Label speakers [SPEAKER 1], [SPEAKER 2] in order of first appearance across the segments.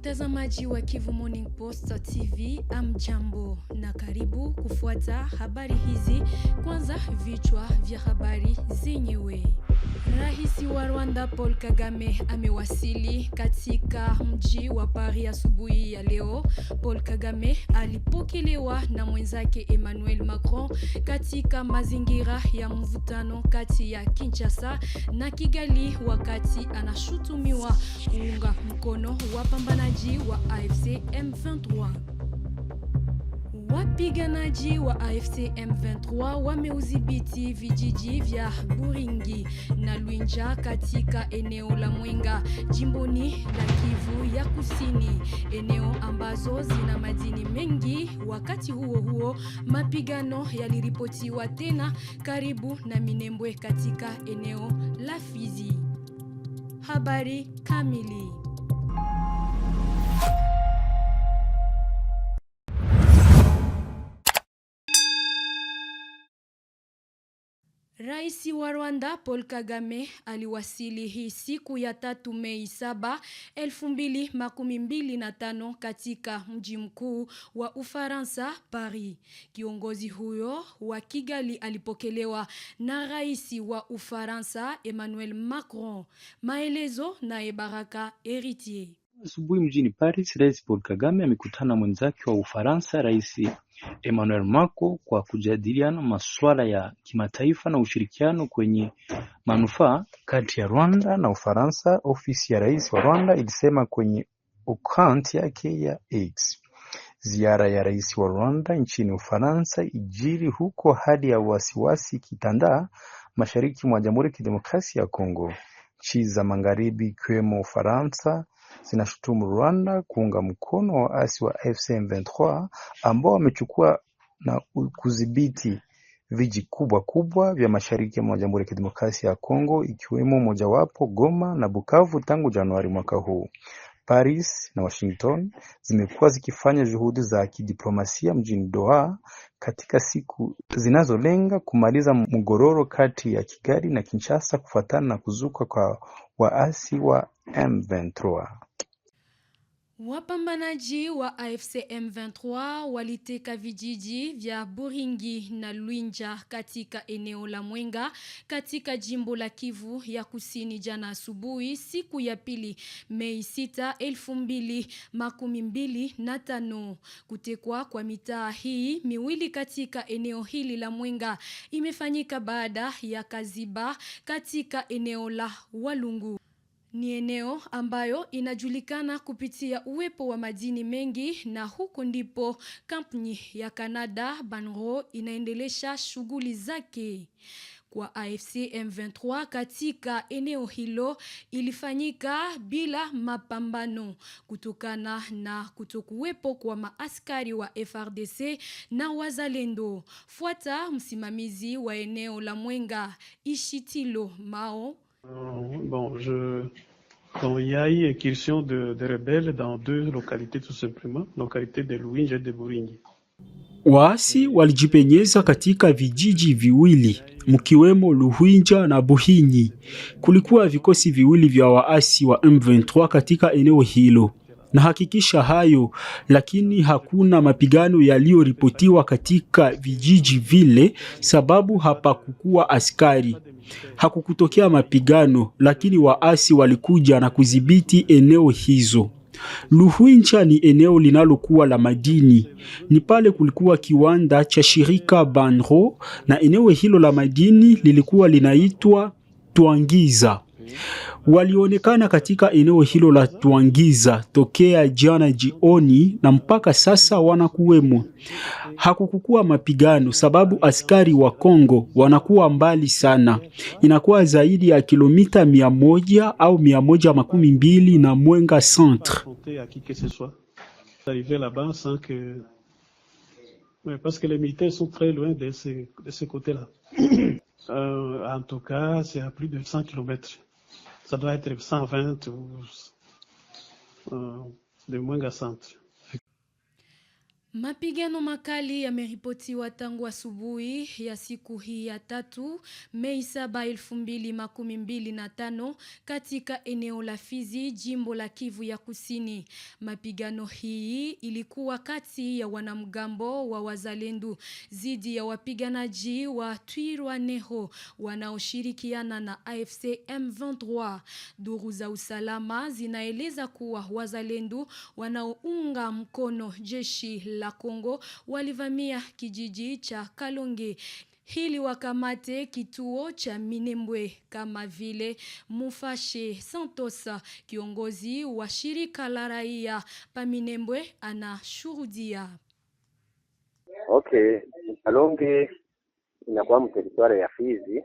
[SPEAKER 1] Mtazamaji wa Kivu Morning Post TV, amjambo na karibu kufuata habari hizi. Kwanza vichwa vya habari zenyewe. Rais wa Rwanda Paul Kagame amewasili katika mji wa Paris asubuhi ya leo. Paul Kagame alipokelewa na mwenzake Emmanuel Macron katika mazingira ya mvutano kati ya Kinshasa na Kigali wakati anashutumiwa kuunga mkono wapambanaji wapiganaji wa AFC M23. Wapiganaji wa AFC M23 wameudhibiti vijiji vya Buringi na Lwinja katika eneo la Mwenga jimboni la Kivu ya Kusini, eneo ambazo zina madini mengi. Wakati huo huo, mapigano yaliripotiwa tena karibu na Minembwe katika eneo la Fizi. Habari kamili Rais wa Rwanda Paul Kagame aliwasili hii siku ya tatu Mei saba elfu mbili makumi mbili na tano katika mji mkuu wa Ufaransa, Paris. Kiongozi huyo wa Kigali alipokelewa na rais wa Ufaransa Emmanuel Macron. Maelezo naye Baraka Heritier.
[SPEAKER 2] Asubuhi mjini Paris Rais Paul Kagame amekutana mwenzake wa Ufaransa Rais Emmanuel Macron kwa kujadiliana masuala ya kimataifa na ushirikiano kwenye manufaa kati ya Rwanda na Ufaransa. Ofisi ya Rais wa Rwanda ilisema kwenye akaunti yake ya X. Ziara ya Rais wa Rwanda nchini Ufaransa ijiri huko hali ya wasiwasi kitandaa mashariki mwa Jamhuri ya Kidemokrasia ya Kongo. Nchi za magharibi ikiwemo Ufaransa zinashutumu Rwanda kuunga mkono waasi wa AFC M23 ambao wamechukua na kudhibiti viji kubwa kubwa vya mashariki mwa Jamhuri ya Kidemokrasia ya Kongo ikiwemo mojawapo Goma na Bukavu tangu Januari mwaka huu. Paris na Washington zimekuwa zikifanya juhudi za kidiplomasia mjini Doha katika siku zinazolenga kumaliza mgororo kati ya Kigali na Kinshasa kufuatana na kuzuka kwa waasi wa M23
[SPEAKER 1] Wapambanaji wa AFC M23 waliteka vijiji vya Buringi na Lwinja katika eneo la Mwenga katika jimbo la Kivu ya Kusini jana asubuhi siku ya pili Mei 6, 2025. Kutekwa kwa mitaa hii miwili katika eneo hili la Mwenga imefanyika baada ya Kaziba katika eneo la Walungu. Ni eneo ambayo inajulikana kupitia uwepo wa madini mengi na huko ndipo kampuni ya Canada Banro inaendelesha shughuli zake. Kwa AFC M23 katika eneo hilo ilifanyika bila mapambano kutokana na kutokuwepo kwa maaskari wa FRDC na wazalendo. Fuata msimamizi wa eneo la Mwenga Ishitilo Mao
[SPEAKER 3] Euh, bon, je, donc, il y a eu incursion de, de, rebelles dans deux localités tout simplement, localité de Louinge et de Buringi.
[SPEAKER 4] Waasi walijipenyeza katika vijiji viwili mkiwemo Luhinja na Buhinyi. Kulikuwa vikosi viwili vya waasi wa M23 katika eneo hilo na hakikisha hayo, lakini hakuna mapigano yaliyoripotiwa katika vijiji vile, sababu hapakukuwa askari. Hakukutokea mapigano, lakini waasi walikuja na kudhibiti eneo hizo. Luhwincha ni eneo linalokuwa la madini. Ni pale kulikuwa kiwanda cha shirika Banro na eneo hilo la madini lilikuwa linaitwa Twangiza walionekana katika eneo hilo la Twangiza tokea jana jioni na mpaka sasa wanakuwemo. Hakukukuwa mapigano sababu askari wa Kongo wanakuwa mbali sana, inakuwa zaidi ya kilomita mia moja au mia moja makumi mbili na Mwenga centre.
[SPEAKER 5] Euh, en tout cas, c'est à plus de 100 kilomètres. ça doit être 120 ou euh, de moins à 100.
[SPEAKER 1] Mapigano makali yameripotiwa tangu asubuhi ya siku hii ya tatu Mei saba elfu mbili makumi mbili na tano katika eneo la Fizi, jimbo la Kivu ya Kusini. Mapigano hii ilikuwa kati ya wanamgambo wa Wazalendo dhidi ya wapiganaji wa Twirwaneho wanaoshirikiana na AFC M23. Duru za usalama zinaeleza kuwa Wazalendo wanaounga mkono jeshi la Kongo walivamia kijiji cha Kalonge hili wakamate kituo cha Minembwe kama vile Mufashe Santosa, kiongozi wa shirika la raia pa Minembwe, anashuhudia.
[SPEAKER 6] Okay, Kalonge inakuwa mteritwari ya Fizi,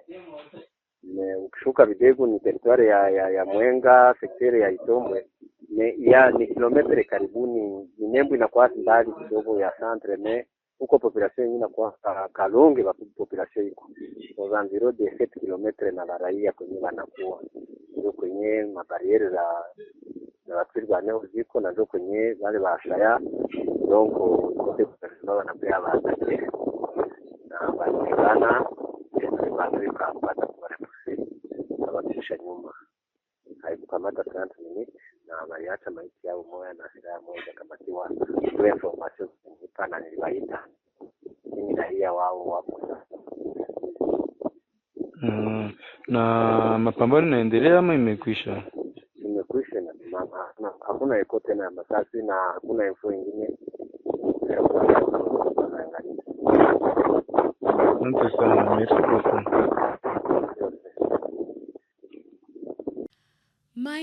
[SPEAKER 6] ukishuka Videgu ni teritwari ya, ya, ya Mwenga, sekteri ya Itombwe ne, ya ni kilometre karibuni Minembwe inakuwa mbali kidogo ya centre me huko population yenyewe inakuwa Kalonge wa population iko ozanziro de 7 kilometre na la raia kwenye wanakuwa ndio kwenye mabariere za za watu wa eneo ziko na ndio kwenye wale baashaya donc kote kutasema wanapea wa na wanaonekana wanaweza kupata kwa refusi na nyuma kwa sababu minutes na waliacha maiti yao moja na silaha moja, kama kiwa refu ambacho kunipa na niliwaita mimi raia wao wapo
[SPEAKER 2] mm. na mapambano inaendelea ama imekwisha?
[SPEAKER 6] Imekwisha na mama, hakuna iko tena ya masasi na hakuna info ingine.
[SPEAKER 2] Thank you so much.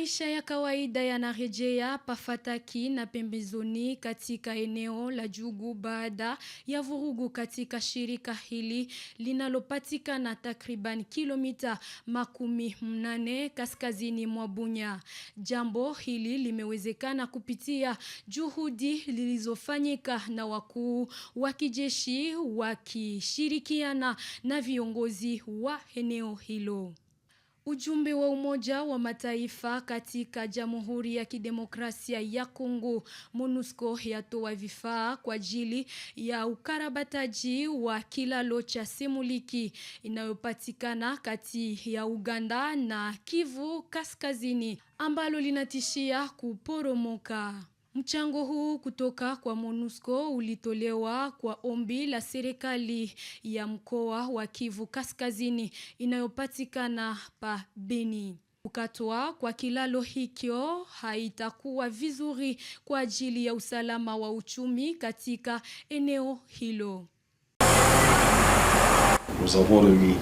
[SPEAKER 1] Maisha ya kawaida yanarejea Pafataki na pembezoni katika eneo la Jugu baada ya vurugu katika shirika hili linalopatikana takriban kilomita makumi mnane kaskazini mwa Bunya. Jambo hili limewezekana kupitia juhudi zilizofanyika na wakuu wa kijeshi wakishirikiana na viongozi wa eneo hilo. Ujumbe wa Umoja wa Mataifa katika Jamhuri ya Kidemokrasia ya Kongo MONUSCO yatoa vifaa kwa ajili ya ukarabataji wa kilalo cha Semuliki inayopatikana kati ya Uganda na Kivu Kaskazini ambalo linatishia kuporomoka. Mchango huu kutoka kwa MONUSCO ulitolewa kwa ombi la serikali ya mkoa wa Kivu Kaskazini inayopatikana pa Beni. Kukatwa kwa kilalo hikyo haitakuwa vizuri kwa ajili ya usalama wa uchumi katika eneo hilo.
[SPEAKER 7] Nous avons remis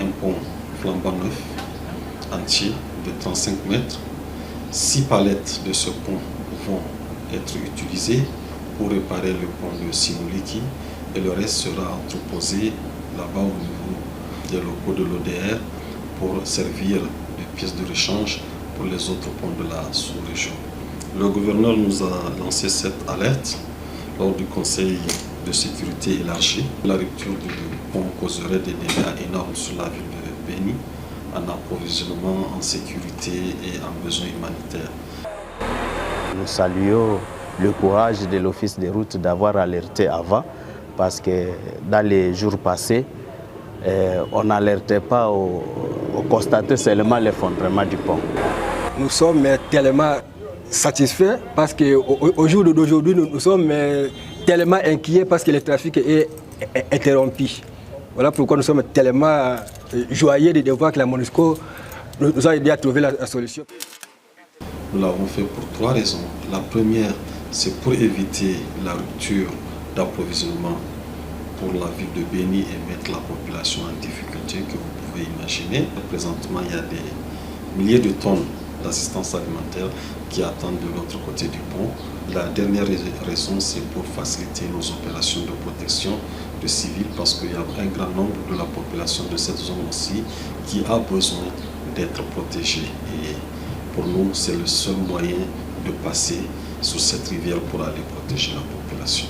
[SPEAKER 7] un pont flambant neuf entier de 35 mètres. Six palettes de ce pont vont être utilisé pour réparer le pont de Simuliki et le reste sera entreposé là-bas au niveau des locaux de l'ODR pour servir de pièce de rechange pour les autres ponts de la sous-région. Le gouverneur nous a lancé cette alerte lors du Conseil de sécurité élargi. La rupture du pont causerait des dégâts énormes sur la ville de Béni en approvisionnement, en sécurité et en besoins humanitaires
[SPEAKER 8] nous saluons le courage de l'Office des routes d'avoir alerté avant, parce que dans les jours passés, eh, on n'alertait pas, au, constatait seulement l'effondrement du pont.
[SPEAKER 9] Nous sommes tellement satisfaits parce qu'au jour d'aujourd'hui, nous, sommes tellement inquiets parce que le trafic est, interrompu. Voilà pourquoi nous sommes tellement euh, joyeux de voir que la MONUSCO nous a aidé à trouver la solution.
[SPEAKER 7] Nous l'avons fait pour trois raisons. La première, c'est pour éviter la rupture d'approvisionnement pour la ville de Béni et mettre la population en difficulté que vous pouvez imaginer. Présentement, il y a des milliers de tonnes d'assistance alimentaire qui attendent de l'autre côté du pont. La dernière raison, c'est pour faciliter nos opérations de protection de civils parce qu'il y a un grand nombre de la population de cette zone aussi qui a besoin d'être protégée pour nous, c'est le seul moyen de passer sous cette rivière pour aller protéger la population.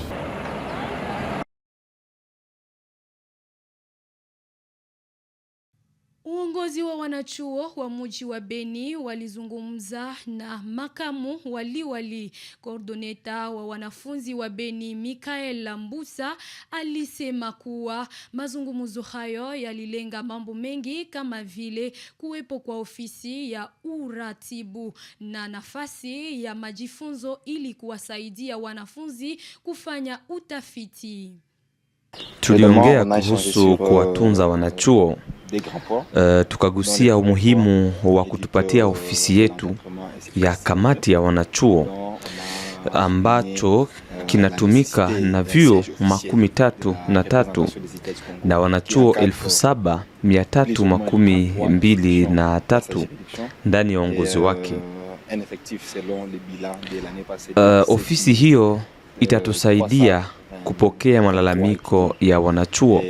[SPEAKER 1] Viongozi wa wanachuo wa mji wa Beni walizungumza na makamu waliwali koordoneta wa wanafunzi wa Beni Mikael Lambusa alisema kuwa mazungumzo hayo yalilenga mambo mengi kama vile kuwepo kwa ofisi ya uratibu na nafasi ya majifunzo ili kuwasaidia wanafunzi kufanya utafiti.
[SPEAKER 10] Tuliongea kuhusu euh, kuwatunza wanachuo uh, tukagusia umuhimu wa kutupatia ofisi yetu ya kamati ya wanachuo ambacho euh, kinatumika na vyuo makumi tatu na tatu na wanachuo elfu saba mia tatu makumi mbili na tatu ndani ya uongozi wake. Uh, ofisi hiyo itatusaidia kupokea malalamiko ya wanachuo.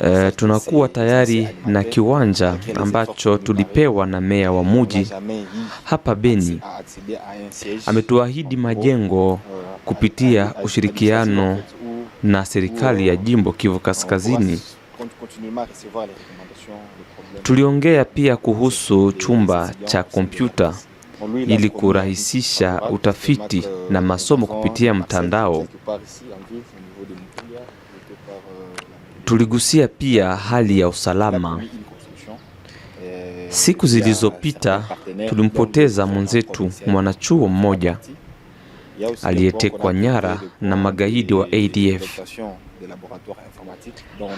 [SPEAKER 10] Uh, tunakuwa tayari na kiwanja ambacho tulipewa na meya wa muji hapa Beni. Ametuahidi majengo kupitia ushirikiano na serikali ya jimbo Kivu Kaskazini. Tuliongea pia kuhusu chumba cha kompyuta ili kurahisisha utafiti na masomo kupitia mtandao. Tuligusia pia hali ya usalama. Siku zilizopita tulimpoteza mwenzetu mwanachuo mmoja aliyetekwa nyara na magaidi wa ADF.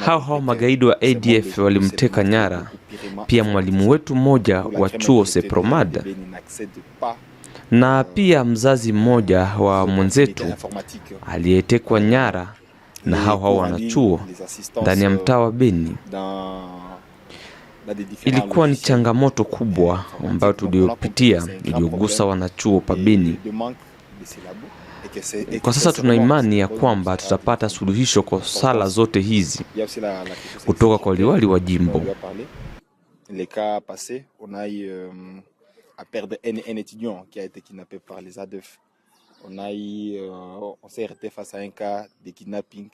[SPEAKER 10] Hao hao magaidi wa ADF walimteka nyara pia mwalimu wetu mmoja wa chuo Sepromad na euh, pia mzazi mmoja wa mwenzetu aliyetekwa nyara na hao hao wanachuo ndani ya mtaa wa Beni. Euh, Ilikuwa ni changamoto kubwa ambayo tuliyopitia iliyogusa wanachuo pa Beni. Quand ça Imani Kwamba, zote
[SPEAKER 11] cas passés, on a eu à perdre un étudiant qui a été kidnappé par les ADEF. On a eu. Uh, on s'est arrêté face à un cas de kidnapping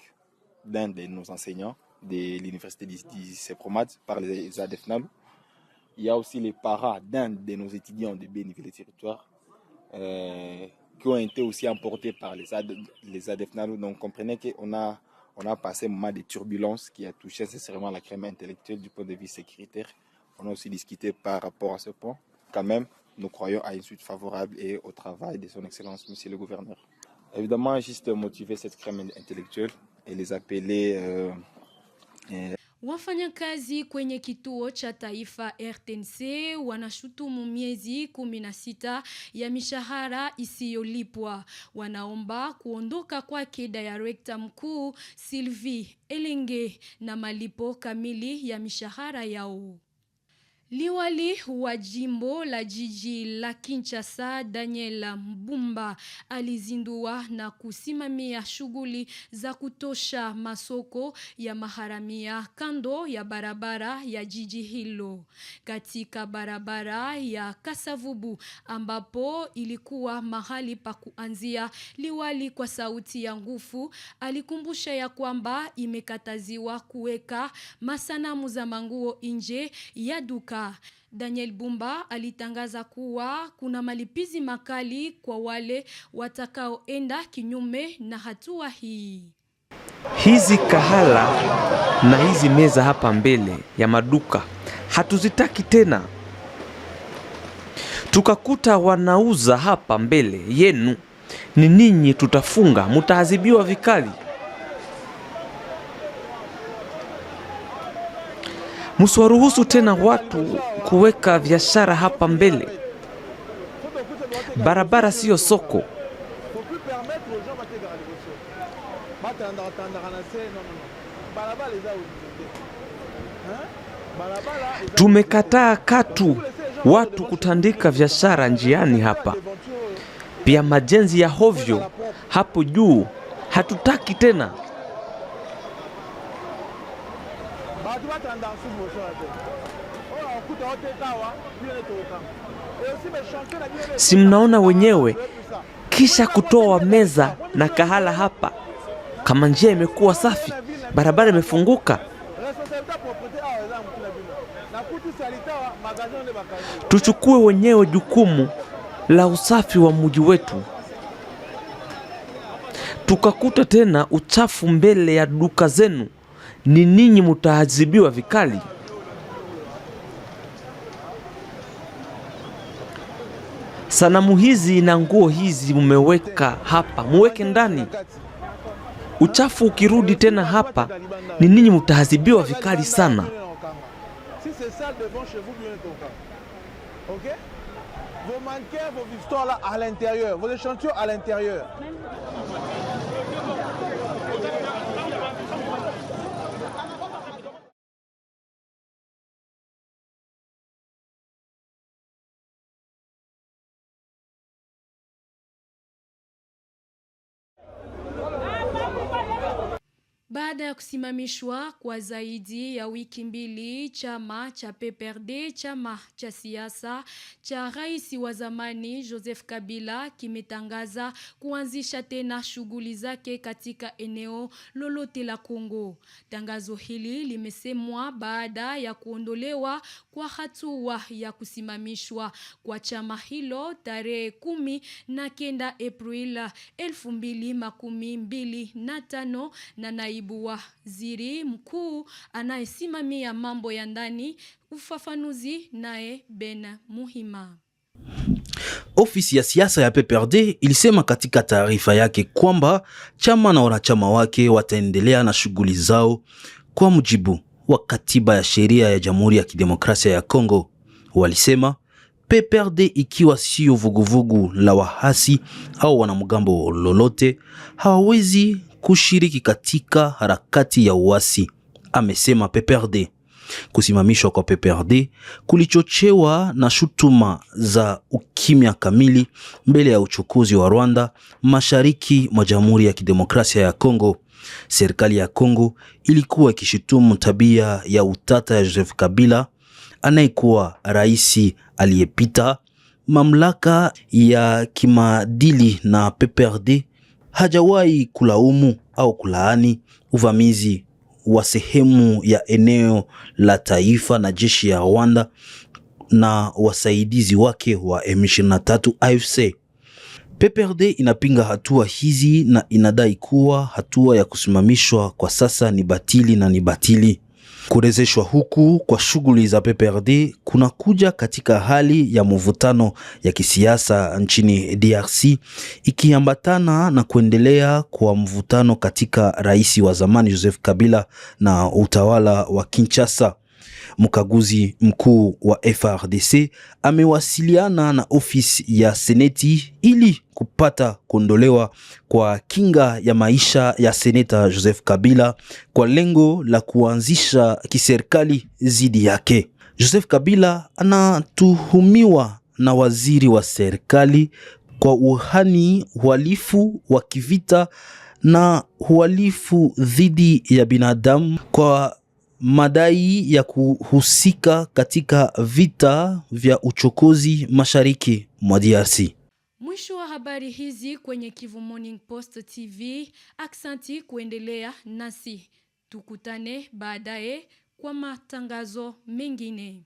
[SPEAKER 11] d'un de nos enseignants de l'université de c'est par les ADEF. Il y a aussi les parents d'un de nos étudiants de des Territoire. Euh, qui ont été aussi emportés par les, AD, les Donc, comprenez qu'on a, on a passé un moment de turbulence qui a touché nécessairement la crème intellectuelle du point de vue sécuritaire. On a aussi discuté par rapport à ce point. Quand même, nous croyons à une suite favorable et au travail de son Excellence, Monsieur le Gouverneur. Évidemment, juste motiver cette crème intellectuelle et les appeler euh,
[SPEAKER 1] Wafanyakazi kwenye kituo cha taifa RTNC wanashutumu miezi kumi na sita ya mishahara isiyolipwa. Wanaomba kuondoka kwake direkta mkuu Sylvie Elenge na malipo kamili ya mishahara yao. Liwali wa jimbo la jiji la Kinshasa Daniel Mbumba alizindua na kusimamia shughuli za kutosha masoko ya maharamia kando ya barabara ya jiji hilo katika barabara ya Kasavubu ambapo ilikuwa mahali pa kuanzia. Liwali kwa sauti ya nguvu alikumbusha ya kwamba imekataziwa kuweka masanamu za manguo nje ya duka Daniel Bumba alitangaza kuwa kuna malipizi makali kwa wale watakaoenda kinyume na hatua hii.
[SPEAKER 12] Hizi kahala na hizi meza hapa mbele ya maduka hatuzitaki tena. Tukakuta wanauza hapa mbele yenu, ni ninyi tutafunga, mutaadhibiwa vikali. msiwaruhusu tena watu kuweka biashara hapa mbele. Barabara siyo soko. Tumekataa katu watu kutandika biashara njiani hapa, pia majenzi ya hovyo hapo juu hatutaki tena. hatupatanda nsubu oshote oyo wakuta otetawa bilenetokama si mnaona wenyewe, kisha kutoa meza na kahala hapa, kama njia imekuwa safi, barabara imefunguka. Ah, Tuchukue wenyewe jukumu la usafi wa mji wetu. Tukakuta tena uchafu mbele ya duka zenu ni ninyi mutaadhibiwa vikali. Sanamu hizi na nguo hizi mmeweka hapa, muweke ndani. Uchafu ukirudi tena hapa, ni ninyi mutaadhibiwa vikali sana.
[SPEAKER 1] Baada ya kusimamishwa kwa zaidi ya wiki mbili chama cha PPRD, chama cha siasa cha rais wa zamani Joseph Kabila, kimetangaza kuanzisha tena shughuli zake katika eneo lolote la Kongo. Tangazo hili limesemwa baada ya kuondolewa kwa hatua ya kusimamishwa kwa chama hilo tarehe kumi na kenda Aprili elfu mbili makumi mbili na tano na naibu naibu waziri mkuu anayesimamia mambo ya ndani. Ufafanuzi naye Bena Muhima.
[SPEAKER 12] Ofisi ya siasa ya PPRD ilisema katika taarifa yake kwamba chama na wanachama wake wataendelea na shughuli zao kwa mujibu wa katiba ya sheria ya Jamhuri ya Kidemokrasia ya Kongo. Walisema PPRD ikiwa sio vuguvugu la wahasi au wanamgambo lolote, hawawezi kushiriki katika harakati ya uasi, amesema PPRD. Kusimamishwa kwa PPRD kulichochewa na shutuma za ukimya kamili mbele ya uchukuzi wa Rwanda mashariki mwa Jamhuri ya Kidemokrasia ya Kongo. Serikali ya Kongo ilikuwa ikishutumu tabia ya utata ya Joseph Kabila anayekuwa rais aliyepita. Mamlaka ya kimaadili na PPRD hajawahi kulaumu au kulaani uvamizi wa sehemu ya eneo la taifa na jeshi ya Rwanda na wasaidizi wake wa M23 AFC. PPRD inapinga hatua hizi na inadai kuwa hatua ya kusimamishwa kwa sasa ni batili na ni batili. Kurejeshwa huku kwa shughuli za PPRD kunakuja katika hali ya mvutano ya kisiasa nchini DRC ikiambatana na kuendelea kwa mvutano katika rais wa zamani Joseph Kabila na utawala wa Kinshasa. Mkaguzi mkuu wa FRDC amewasiliana na ofisi ya seneti ili kupata kuondolewa kwa kinga ya maisha ya seneta Joseph Kabila kwa lengo la kuanzisha kiserikali dhidi yake. Joseph Kabila anatuhumiwa na waziri wa serikali kwa uhani, uhalifu wa kivita na uhalifu dhidi ya binadamu kwa madai ya kuhusika katika vita vya uchokozi mashariki mwa DRC.
[SPEAKER 1] Mwisho wa habari hizi kwenye Kivu Morning Post TV. Aksanti kuendelea nasi, tukutane baadaye kwa matangazo mengine.